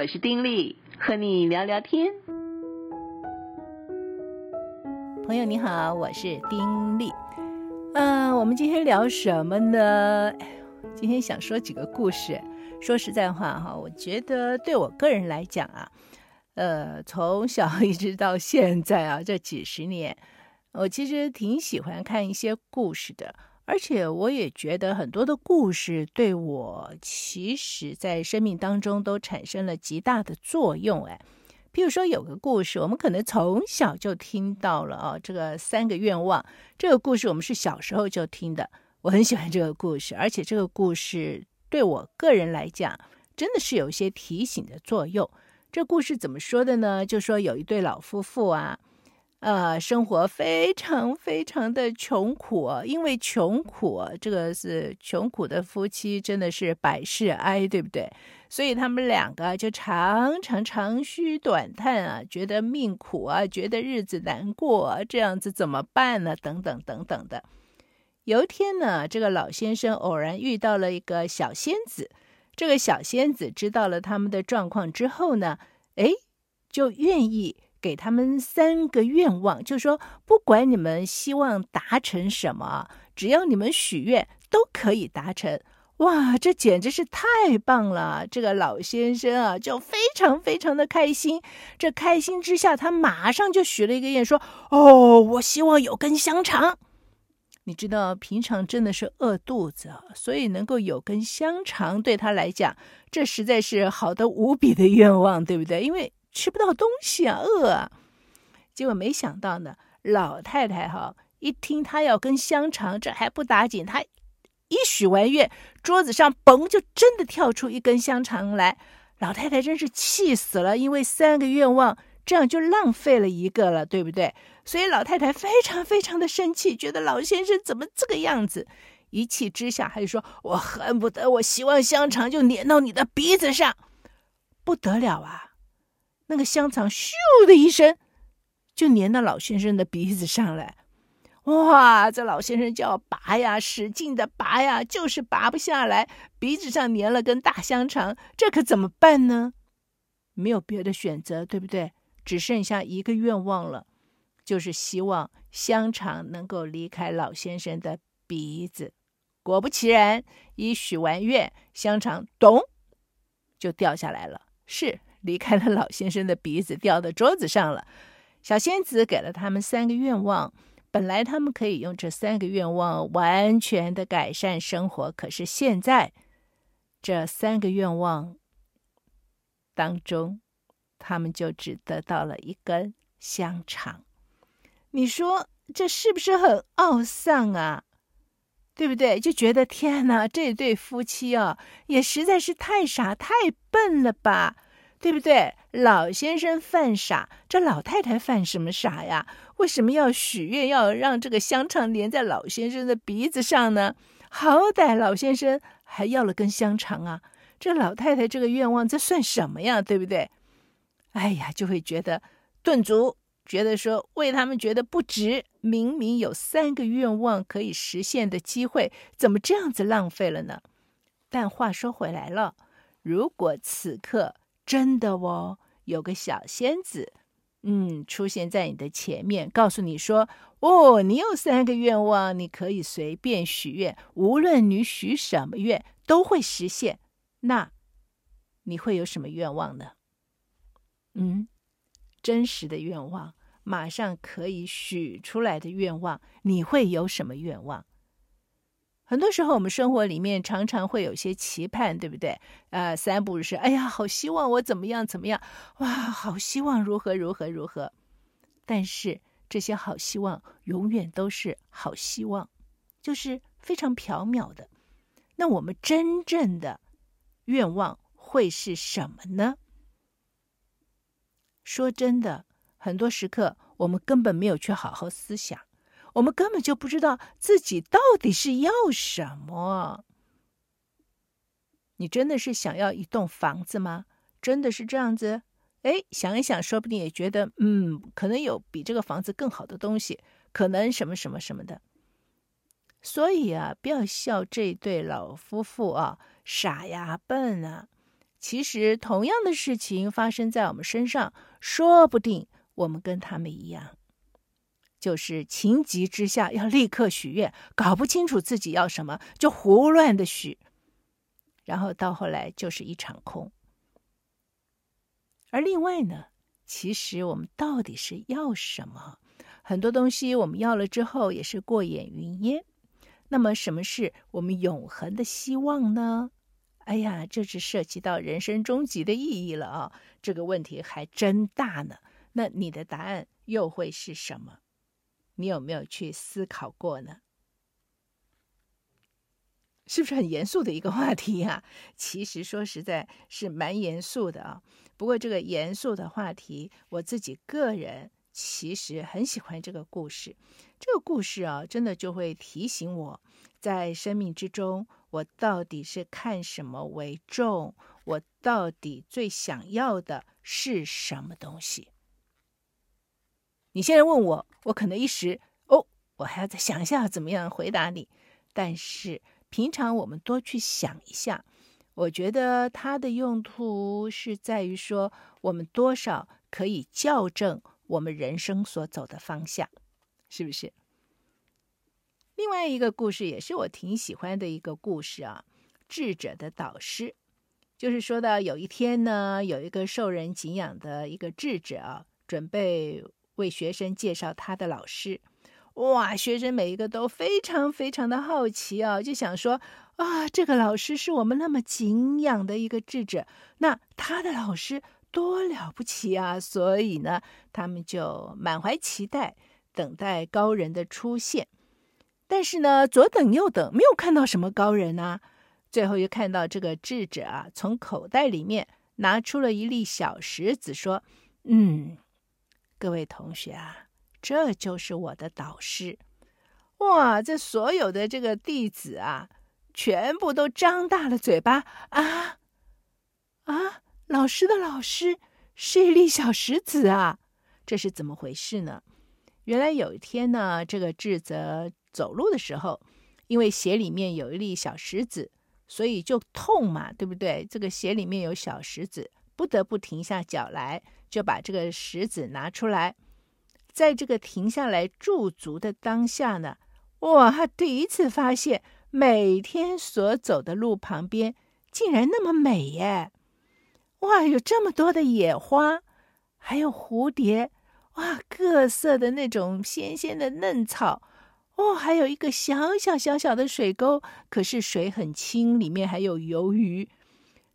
我是丁莉，和你聊聊天。朋友你好，我是丁莉。嗯、呃，我們今天聊什麼呢？今天想說幾個故事。說實在話哈，我覺得對我個人來講啊，呃，從小一直到現在啊，這幾十年，我其實挺喜歡看一些故事的。而且我也覺得很多的故事對我其實在生命當中都產生了極大的作用。哎。誒，譬如說有個故事，我們可能從小就聽到了哦，這個三個願望這個故事，我們是小時候就聽的。我很喜歡這個故事，而且這個故事對我個人來講真的是有一些提醒的作用。這故事怎麼說的呢？就說有一對老夫婦啊。呃，生活非常非常的窮苦啊，因為窮苦啊，這個是窮苦的夫妻真的是百事哀，對不對？所以他們兩個就常常長吁短嘆啊，覺得命苦啊，覺得日子難過啊，這樣子怎麼辦呢啊？等等等等的。有一天呢，這個老先生偶然遇到了一個小仙子，這個小仙子知道了他們的狀況之後呢，哎，就願意。給他們三個願望，就說不管你們希望達成什麼，只要你們許願，都可以達成。哇，這簡直是太棒了！這個老先生啊，就非常非常的開心。這開心之下，他馬上就許了一個願，說：“哦，我希望有根香腸。”你知道，平常真的是餓肚子啊，所以能夠有根香腸對他來講，這實在是好得無比的願望，對不對？因為。吃不到東西啊，餓啊！結果沒想到呢，老太太哈一聽他要根香腸，這還不打緊，他一許完願，桌子上嘣就真的跳出一根香腸來。老太太真是氣死了，因為三個願望這樣就浪費了一個了，對不對？所以老太太非常非常的生氣，覺得老先生怎麼這個樣子？一氣之下，他就說：“我恨不得我希望香腸就粘到你的鼻子上，不得了啊！”那個香腸咻的一聲就粘到老先生的鼻子上來，哇！這老先生就要拔呀，使勁的拔呀，就是拔不下來。鼻子上粘了根大香腸，這可怎麼辦呢？沒有別的選擇，對不對？只剩下一個願望了，就是希望香腸能夠離開老先生的鼻子。果不其然，一許完願，香腸咚就掉下來了。是。離開了老先生的鼻子，掉到桌子上了。小仙子給了他們三個願望，本來他們可以用這三個願望完全的改善生活，可是現在這三個願望當中，他們就只得到了一根香腸。你說這是不是很懊喪啊？對不對？就覺得天哪，這對夫妻啊、哦，也實在是太傻太笨了吧？對不對？老先生犯傻，這老太太犯什麼傻呀？為什麼要許願要讓這個香腸粘在老先生的鼻子上呢？好歹老先生還要了根香腸啊！這老太太這個願望，這算什麼呀？對不對？哎呀，就會覺得頓足，覺得說為他們覺得不值。明明有三個願望可以實現的機會，怎麼這樣子浪費了呢？但話說回來了，如果此刻。真的哦，有個小仙子，嗯，出現在你的前面，告訴你說，哦，你有三個願望，你可以隨便許願，無論你許什麼願都會實現。那你會有什麼願望呢？嗯，真實的願望，馬上可以許出來的願望，你會有什麼願望？很多時候，我們生活裡面常常會有些期盼，對不對？啊、呃，三步是，哎呀，好希望我怎麼樣怎麼樣，哇，好希望如何如何如何。但是這些好希望永遠都是好希望，就是非常縹緲的。那我們真正的願望會是什麼呢？說真的，很多時刻我們根本沒有去好好思想。我們根本就不知道自己到底是要什麼。你真的是想要一棟房子嗎？真的是這樣子？哎，想一想，說不定也覺得，嗯，可能有比這個房子更好的東西，可能什麼什麼什麼的。所以啊，不要笑這對老夫婦啊，傻呀笨啊。其實，同樣的事情發生在我們身上，說不定我們跟他們一樣。就是情急之下要立刻許願，搞不清楚自己要什麼就胡亂的許，然後到後來就是一場空。而另外呢，其實我們到底是要什麼？很多東西我們要了之後也是過眼雲煙。那麼，什麼是我們永恆的希望呢？哎呀，這只涉及到人生終極的意義了啊、哦！這個問題還真大呢。那你的答案又會是什麼？你有沒有去思考過呢？是不是很嚴肅的一個話題呀？其實說實在，是蠻嚴肅的啊。不過這個嚴肅的話題，我自己個人其實很喜歡這個故事。這個故事啊，真的就會提醒我，在生命之中，我到底是看什麼為重？我到底最想要的是什麼東西？你現在問我，我可能一時哦，我還要再想一下怎麼樣回答你。但是平常我們多去想一下，我覺得它的用途是在於說，我們多少可以校正我們人生所走的方向，是不是？另外一個故事也是我挺喜歡的一個故事啊，智者的導師，就是說到有一天呢，有一個受人敬仰的一個智者啊，準備。為學生介紹他的老師，哇，學生每一個都非常非常的好奇啊，就想說啊，這個老師是我們那麼敬仰的一個智者，那他的老師多了不起啊，所以呢，他們就滿懷期待，等待高人的出現。但是呢，左等右等，沒有看到什麼高人吶。最後又看到這個智者啊，從口袋裡面拿出了一粒小石子，說，嗯。各位同學啊，這就是我的導師哇！這所有的這個弟子啊，全部都張大了嘴巴啊啊！老師的老師是一粒小石子啊，這是怎麼回事呢？原來有一天呢，這個智者走路的時候，因為鞋裡面有一粒小石子，所以就痛嘛，對不對？這個鞋裡面有小石子。不得不停下腳來，就把這個石子拿出來。在這個停下來駐足的當下呢，哇，第一次發現每天所走的路旁邊竟然那麼美耶！哇，有這麼多的野花，還有蝴蝶，哇，各色的那種鮮鮮的嫩草，哦，還有一個小小小小的水溝，可是水很清，裡面還有游魚。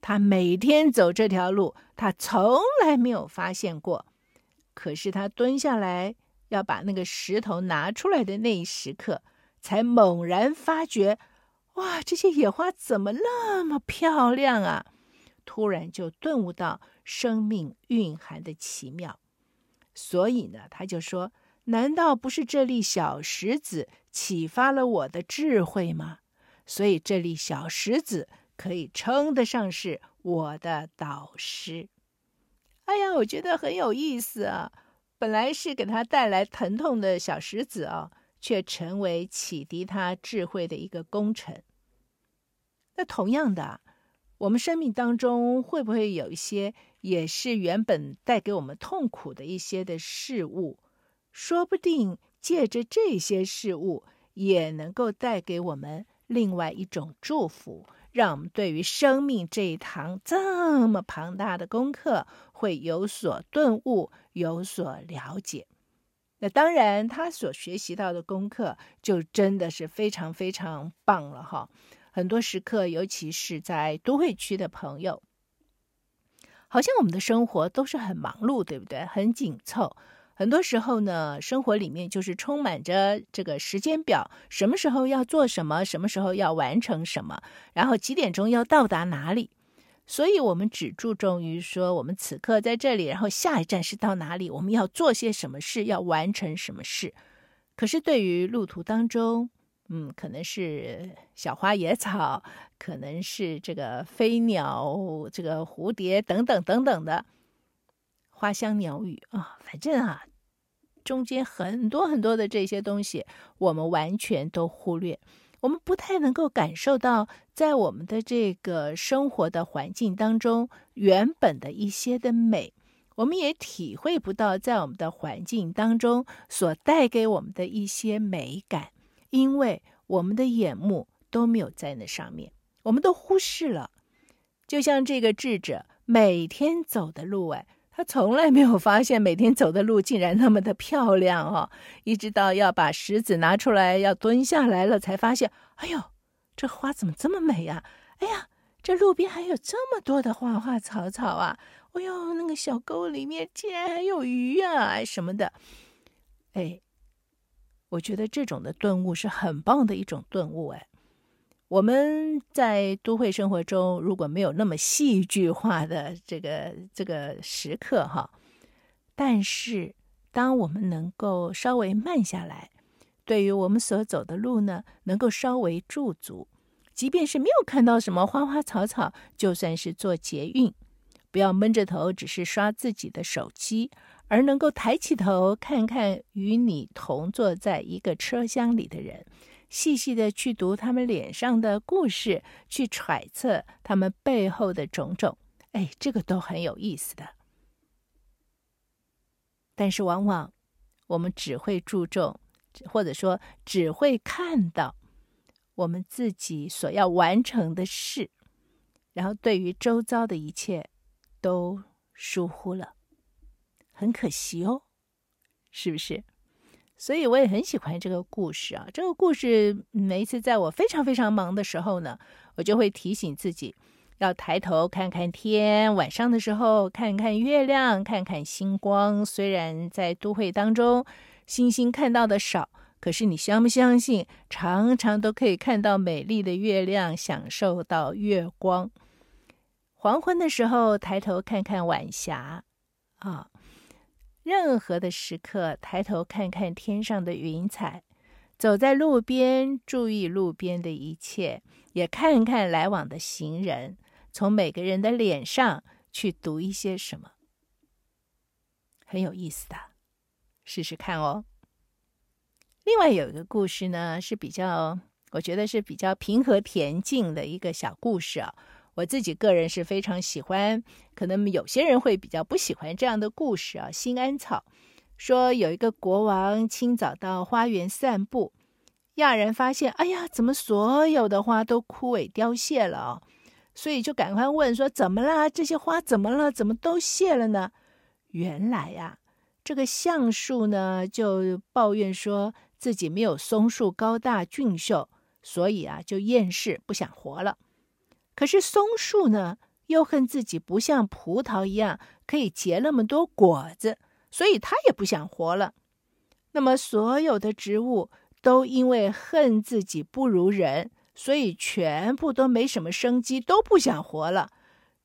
他每天走這條路，他從來沒有發現過。可是他蹲下來要把那個石頭拿出來的那一時刻，才猛然發覺：哇，這些野花怎麼那麼漂亮啊！突然就頓悟到生命蘊含的奇妙。所以呢，他就說：“難道不是這粒小石子啟發了我的智慧嗎？”所以這粒小石子可以稱得上是我的導師。哎呀，我覺得很有意思啊！本來是給他帶來疼痛的小石子啊，卻成為啟迪他智慧的一個功臣。那同樣的，我們生命當中會不會有一些也是原本帶給我們痛苦的一些的事物？說不定借着這些事物，也能夠帶給我們另外一種祝福。讓我們對於生命這一堂這麼龐大的功課會有所頓悟，有所了解。那當然，他所學習到的功課就真的是非常非常棒了哈。很多時刻，尤其是在都會區的朋友，好像我們的生活都是很忙碌，對不對？很緊湊。很多時候呢，生活裡面就是充滿着這個時間表，什麼時候要做什麼，什麼時候要完成什麼，然後幾點鐘要到達哪裡。所以，我們只注重於說，我們此刻在這裡，然後下一站是到哪裡，我們要做些什麼事，要完成什麼事。可是，對於路途當中，嗯，可能是小花野草，可能是這個飛鳥、這個蝴蝶等等等等的花香鳥語啊、哦，反正啊。中間很多很多的這些東西，我們完全都忽略，我們不太能夠感受到，在我們的這個生活的環境當中，原本的一些的美，我們也體會不到在我們的環境當中所帶給我們的一些美感，因為我們的眼目都沒有在那上面，我們都忽視了。就像這個智者每天走的路外，啊。他從來沒有發現每天走的路竟然那麼的漂亮哦，一直到要把石子拿出來，要蹲下來了，才發現，哎呦，這花怎麼這麼美呀、啊？哎呀，這路邊還有這麼多的花花草草啊！哎呦，那個小溝裡面竟然還有魚啊，什麼的。哎，我覺得這種的頓悟是很棒的一種頓悟，哎。我們在都會生活中，如果沒有那麼戲劇化的這個這個時刻哈，但是當我們能夠稍微慢下來，對於我們所走的路呢，能夠稍微駐足，即便是沒有看到什麼花花草草，就算是坐捷運，不要悶着頭，只是刷自己的手機，而能夠抬起頭看看與你同坐在一個車廂裡的人，細細的去讀他們臉上的故事，去揣測他們背後的種種，哎，這個都很有意思的。但是往往我們只會注重，或者說只會看到我們自己所要完成的事，然後對於周遭的一切都疏忽了，很可惜哦，是不是？所以我也很喜歡這個故事啊！這個故事每一次在我非常非常忙的時候呢，我就會提醒自己，要抬頭看看天，晚上的時候看看月亮，看看星光。雖然在都會當中，星星看到的少，可是你相不相信，常常都可以看到美麗的月亮，享受到月光。黃昏的時候，抬頭看看晚霞，啊。任何的時刻，抬頭看看天上的雲彩，走在路邊，注意路邊的一切，也看看來往的行人，從每個人的臉上去讀一些什麼，很有意思的，試試看哦。另外有一個故事呢，是比較，我覺得是比較平和恬靜的一個小故事啊。我自己個人是非常喜歡，可能有些人會比較不喜歡這樣的故事啊。心安草說，有一個國王清早到花園散步，訝然發現，哎呀，怎麼所有的花都枯萎凋謝了哦？所以就趕快問說，怎麼啦？這些花怎麼了？怎麼都謝了呢？原來呀、啊，這個橡樹呢就抱怨說自己沒有松樹高大俊秀，所以啊就厭世不想活了。可是松樹呢，又恨自己不像葡萄一樣可以結那麼多果子，所以它也不想活了。那麼所有的植物都因為恨自己不如人，所以全部都沒什麼生機，都不想活了。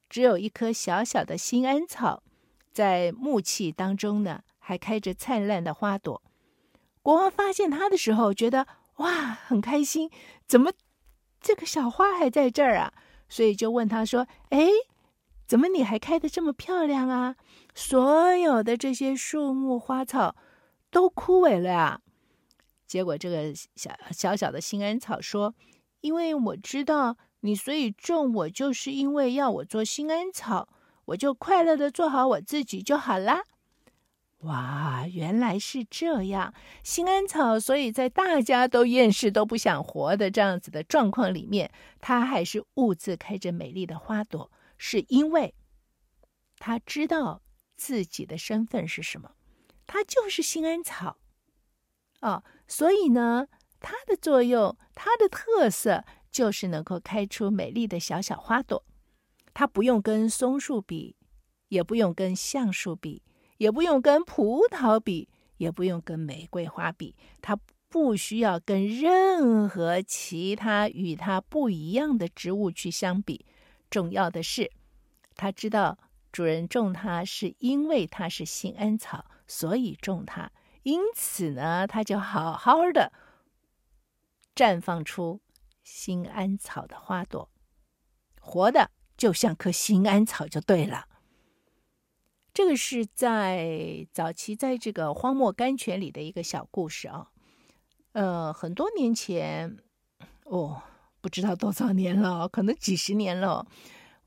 只有一棵小小的心安草，在暮氣當中呢，還開着燦爛的花朵。國王發現它的時候，覺得哇，很開心。怎麼這個小花還在這兒啊？所以就問他說：“哎，怎麼你還開的這麼漂亮啊？所有的這些樹木花草都枯萎了呀。”結果這個小小小的心安草說：“因為我知道你，所以種我就是因為要我做心安草，我就快樂的做好我自己就好啦。”哇，原來是這樣！心安草，所以在大家都厭世都不想活的這樣子的狀況裡面，它還是兀自開着美麗的花朵，是因為它知道自己的身份是什麼，它就是心安草哦。所以呢，它的作用，它的特色就是能夠開出美麗的小小花朵，它不用跟松樹比，也不用跟橡樹比。也不用跟葡萄比，也不用跟玫瑰花比，它不需要跟任何其他與它不一樣的植物去相比。重要的是，它知道主人種它是因為它是心安草，所以種它。因此呢，它就好好的綻放出心安草的花朵，活得就像棵心安草就對了。這個是在早期在這個荒漠甘泉裡的一個小故事啊，呃，很多年前，哦，不知道多少年了，可能幾十年了。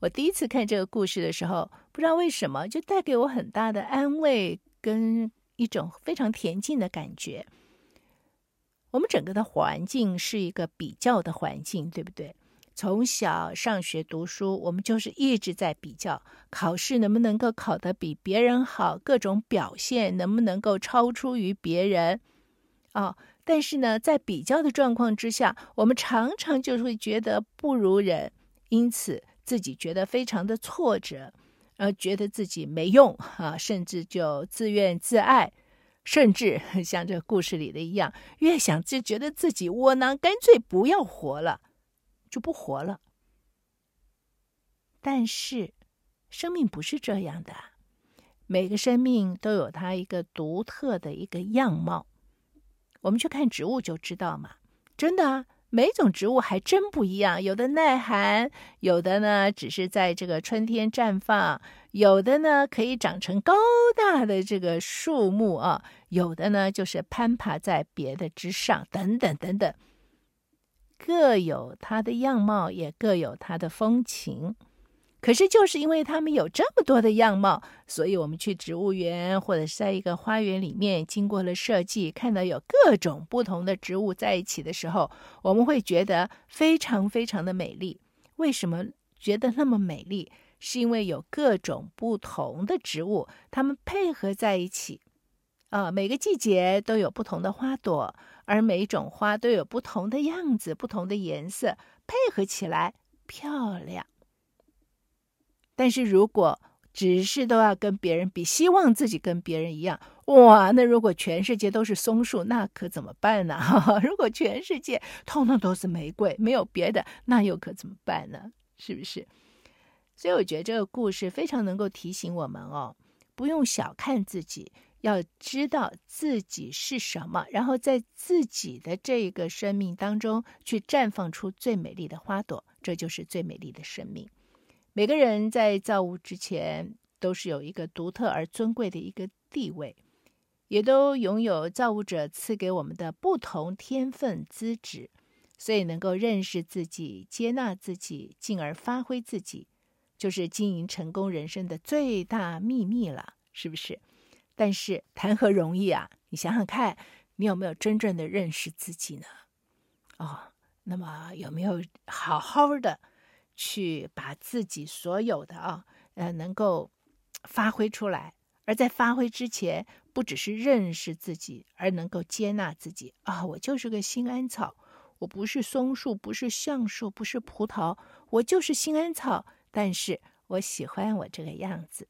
我第一次看這個故事的時候，不知道為什麼就帶給我很大的安慰跟一種非常恬靜的感覺。我們整個的環境是一個比較的環境，對不對？從小上學讀書，我們就是一直在比較，考試能不能夠考得比別人好，各種表現能不能夠超出於別人啊？但是呢，在比較的狀況之下，我們常常就會覺得不如人，因此自己覺得非常的挫折，而覺得自己沒用啊，甚至就自怨自艾，甚至像這故事裡的一樣，越想就覺得自己窩囊，乾脆不要活了。就不活了。但是，生命不是這樣的。每個生命都有它一個獨特的一個樣貌。我們去看植物就知道嘛，真的啊，每種植物還真不一樣。有的耐寒，有的呢只是在這個春天綻放，有的呢可以長成高大的這個樹木啊，哦，有的呢就是攀爬在別的之上，等等等等。各有它的樣貌，也各有它的風情。可是，就是因為他們有這麼多的樣貌，所以我們去植物園，或者是在一個花園裡面，經過了設計，看到有各種不同的植物在一起的時候，我們會覺得非常非常的美麗。為什麼覺得那麼美麗？是因為有各種不同的植物，它們配合在一起。啊，每個季節都有不同的花朵，而每一種花都有不同的樣子、不同的顏色，配合起來漂亮。但是如果只是都要跟別人比，希望自己跟別人一樣，哇，那如果全世界都是松樹，那可怎麼辦呢？哈哈，如果全世界通通都是玫瑰，沒有別的，那又可怎麼辦呢？是不是？所以我覺得這個故事非常能夠提醒我們哦，不用小看自己。要知道自己是什麼，然後在自己的這個生命當中去綻放出最美麗的花朵，這就是最美麗的生命。每個人在造物之前都是有一個獨特而尊貴的一個地位，也都擁有造物者賜給我們的不同天分資質，所以能夠認識自己、接納自己，進而發揮自己，就是經營成功人生的最大秘密了，是不是？但是談何容易啊！你想想看，你有沒有真正的認識自己呢？哦，那麼有沒有好好的去把自己所有的啊，呃，能夠發揮出來？而在發揮之前，不只是認識自己，而能夠接納自己啊，哦！我就是個心安草，我不是松樹，不是橡樹，不是葡萄，我就是心安草。但是我喜歡我這個樣子，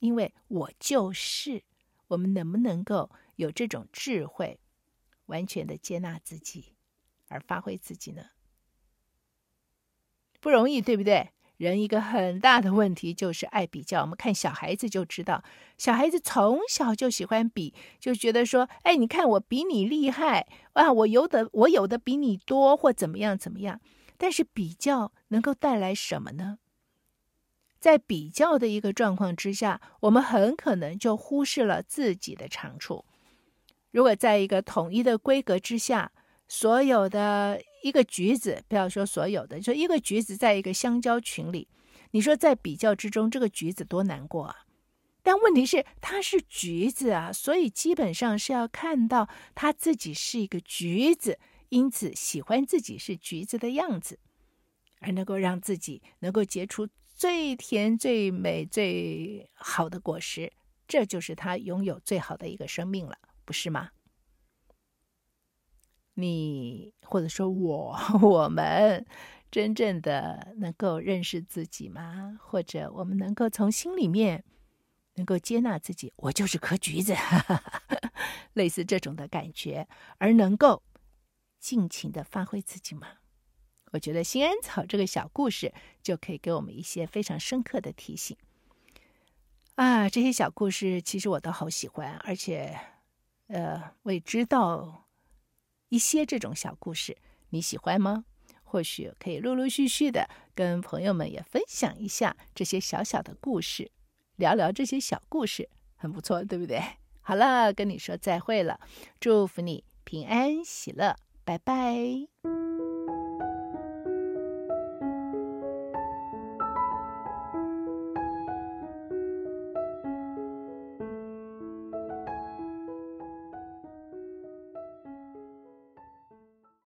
因為我就是。我們能不能夠有這種智慧，完全的接納自己，而發揮自己呢？不容易，對不對？人一個很大的問題就是愛比較。我們看小孩子就知道，小孩子從小就喜歡比，就覺得說：“哎，你看我比你厲害啊！我有的，我有的比你多，或怎麼樣怎麼樣。”但是比較能夠帶來什麼呢？在比較的一個狀況之下，我們很可能就忽視了自己的長處。如果在一個統一的規格之下，所有的一個橘子，不要說所有的，就說一個橘子在一個香蕉群裡，你說在比較之中，這個橘子多難過啊！但問題是，它是橘子啊，所以基本上是要看到它自己是一個橘子，因此喜歡自己是橘子的樣子，而能夠讓自己能夠結出。最甜、最美、最好的果實，這就是它擁有最好的一個生命了，不是嗎？你或者說我、我們，真正的能夠認識自己嗎？或者我們能夠從心裡面能夠接納自己，我就是顆橘子，呵呵，類似這種的感覺，而能夠盡情的發揮自己嗎？我覺得心安草這個小故事就可以給我們一些非常深刻的提醒啊！這些小故事其實我都好喜歡，而且呃，我也知道一些這種小故事。你喜歡嗎？或許可以陸陸續續的跟朋友們也分享一下這些小小的故事，聊聊這些小故事，很不錯，對不對？好了，跟你說再會了，祝福你平安喜樂，拜拜。